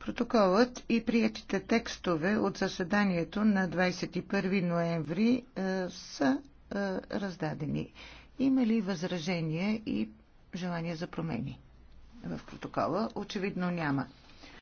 Протоколът и приятите текстове от заседанието на 21 ноември е, са е, раздадени. Има ли възражения и желания за промени в протокола? Очевидно няма.